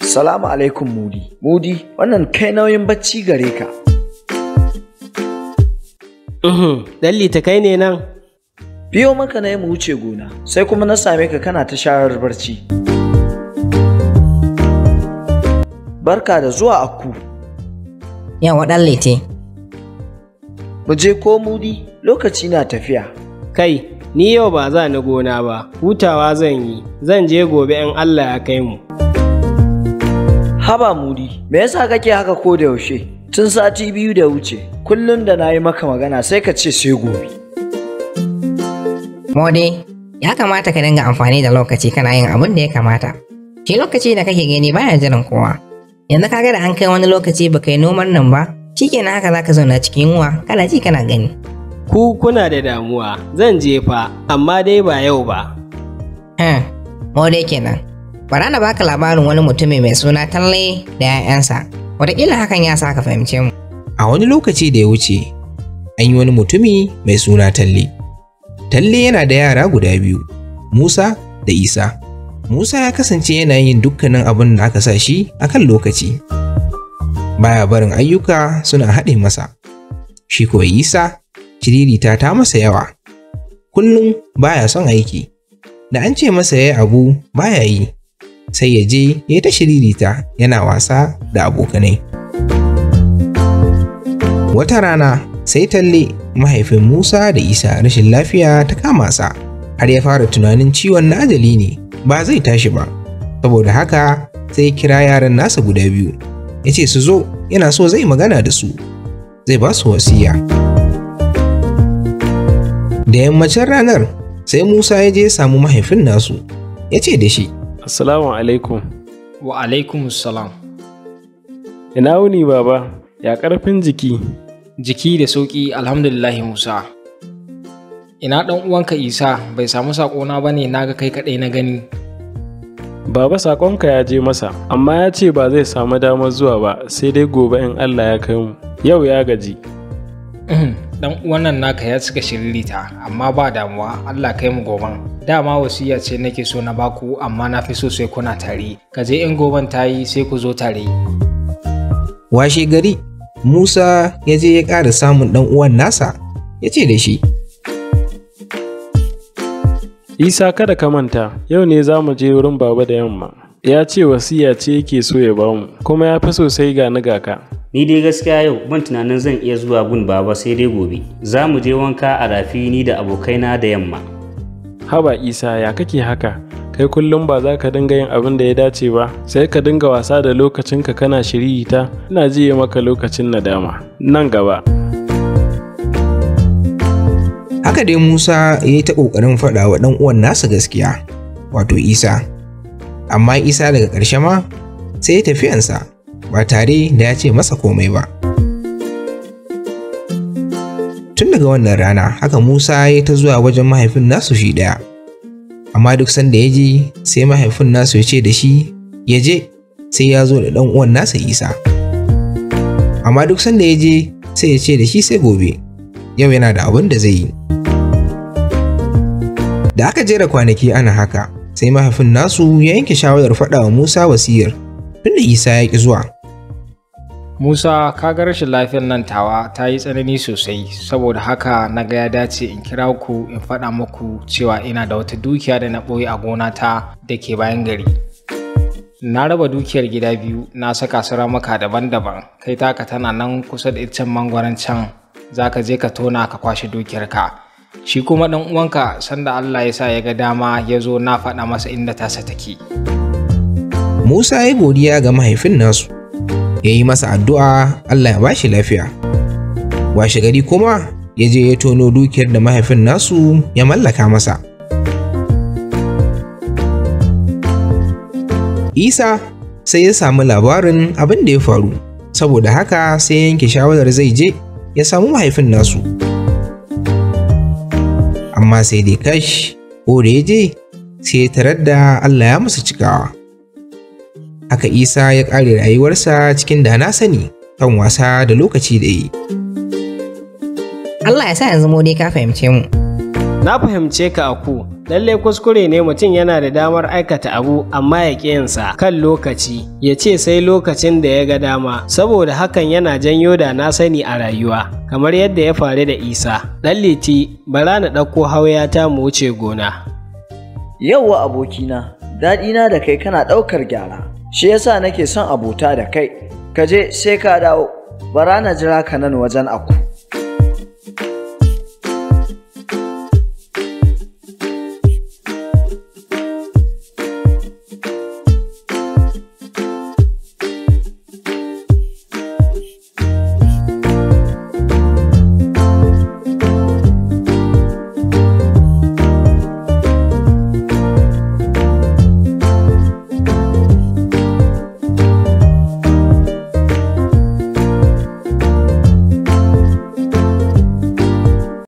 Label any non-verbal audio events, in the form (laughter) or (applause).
Salamu alaikum Mudi. Mudi, wannan kai nauyin bacci gare ka. Dalli ta kai ne nan. Biyo maka na mu wuce gona, sai kuma na same ka kana ta sharar barci. Barka da zuwa akku. Yawa ɗan te. Mu je ko Mudi, lokaci na tafiya. Kai, ni yau ba za ni gona ba hutawa zan yi zan je gobe in Allah ya kai mu haba mudi me yasa kake haka ko da yaushe tun sati biyu da wuce kullum da na yi maka magana sai ka ce sai gobe mode ya kamata ka dinga amfani da lokaci kana yin abin da ya kamata shi lokaci da kake gani baya jiran kowa yanzu ka ga da an kai wani lokaci baka yi noman nan ba shikenan haka za ka zauna cikin yunwa kana ji kana gani Ku kuna da damuwa, zan je fa, amma dai ba yau ba. Hmm, dai kenan. Bara na baka labarin wani mutumi mai suna talle da 'ya'yansa, wataƙila hakan ya sa ka fahimce mu. A wani lokaci da ya wuce, an yi wani mutumi mai suna talle. Talle yana da yara guda biyu, Musa da Isa. Musa ya kasance yana yin dukkanin abin da aka sa shi a kan lokaci. Baya barin ayyuka suna haɗe masa. Shi kuwa Isa kiririta ta masa yawa kullum baya son aiki da an ce masa ya abu baya yi sai ya je ya ta shiririta yana wasa da abokanai wata rana sai talle mahaifin musa da isa rashin lafiya ta kama sa har ya fara tunanin ciwon na ajali ne ba zai tashi ba saboda haka sai kira yaran nasa guda biyu ya ce su zo yana so zai magana da su zai ba su wasiya. da yammacin ranar sai musa ya je ya samu mahaifin nasu ya ce da shi assalamu alaikum wa alaikum salam ina wuni baba ya ƙarfin jiki jiki da sauƙi alhamdulillahi musa ina ɗan uwanka isa bai samu saƙona ba ne na ga kai kaɗai na gani baba saƙonka ya je masa amma ya ce ba zai samu damar zuwa ba sai dai gobe in allah ya kai mu yau ya gaji (clears throat) dan uwannan naka ya cika shiririta amma ba damuwa Allah kai mu goban dama wasiya ce nake so na baku amma na fi so sai kuna tare ka je in goban tayi sai ku zo tare washe gari Musa ya je ya ƙara samun dan uwan nasa ya ce da shi Isa kada ka manta yau ne za mu je wurin baba da yamma ya ce wasiya ce yake so ya bamu kuma ya fi sosai ga ni ga ni dai gaskiya yau ban tunanin zan iya zuwa gun baba sai dai gobe za mu je wanka a rafi ni da abokaina da yamma haba isa ya kake haka kai kullum ba za ka dinga yin abin da ya dace ba sai ka dinga wasa da lokacinka kana shiri ta ina jiye maka lokacin nadama nan gaba haka dai musa ya yi ta ƙoƙarin faɗa wa ɗan uwan nasa gaskiya wato isa amma isa daga ƙarshe ma sai ya tafiyansa ba tare da ya ce masa komai ba. Tun daga wannan rana haka Musa ya ta zuwa wajen mahaifin nasu shi ɗaya. Amma duk sanda ya je sai mahaifin nasu ya ce da shi ya je sai ya zo da ɗan uwan nasa Isa. Amma duk sanda ya je sai ya ce da shi sai gobe yau yana da abin da zai yi. Da aka jera kwanaki ana haka sai mahaifin nasu ya yanke shawarar faɗawa Musa wasiyar tunda Isa ya ƙi zuwa Musa ka ga rashin lafiyar nan tawa ta yi tsanani sosai saboda haka na ga ya dace in kira ku in faɗa muku cewa ina da wata dukiya da na ɓoye a gona ta da ke bayan gari. Na raba dukiyar gida biyu na saka su ramuka daban-daban kai taka tana nan kusa da iccen mangwaron can za ka je ka tona ka kwashe dukiyar ka. Shi kuma ɗan uwanka sanda Allah ya sa ya ga dama ya zo na faɗa masa inda tasa take. Musa ya godiya ga mahaifin nasu ya yi masa addu'a Allah ya bashi lafiya. Washe gari kuma ya je ya tono dukiyar da mahaifin nasu ya mallaka masa. Isa sai ya samu labarin abin da ya faru, saboda haka sai yanke shawarar zai je ya samu mahaifin nasu. Amma sai dai kash, ko da ya je sai ya tarar da Allah ya masa cikawa. Haka Isa ya ƙare rayuwarsa cikin da na sani kan wasa da lokaci da yi. Allah ya sa yanzu mu ka fahimce mu. Na fahimce ka aku, lallai kuskure ne mutum yana da damar aikata abu amma ya yinsa kan lokaci, ya ce sai lokacin da ya ga dama, saboda hakan yana janyo da na sani a rayuwa, kamar yadda ya faru da Isa. Ɗan liti, bara na ɗauko hauyata mu wuce gona. Yawwa abokina, daɗina da kai kana ɗaukar gyara. shi yasa nake son abota da kai ka je sai ka dawo bara na jira ka nan wajen aku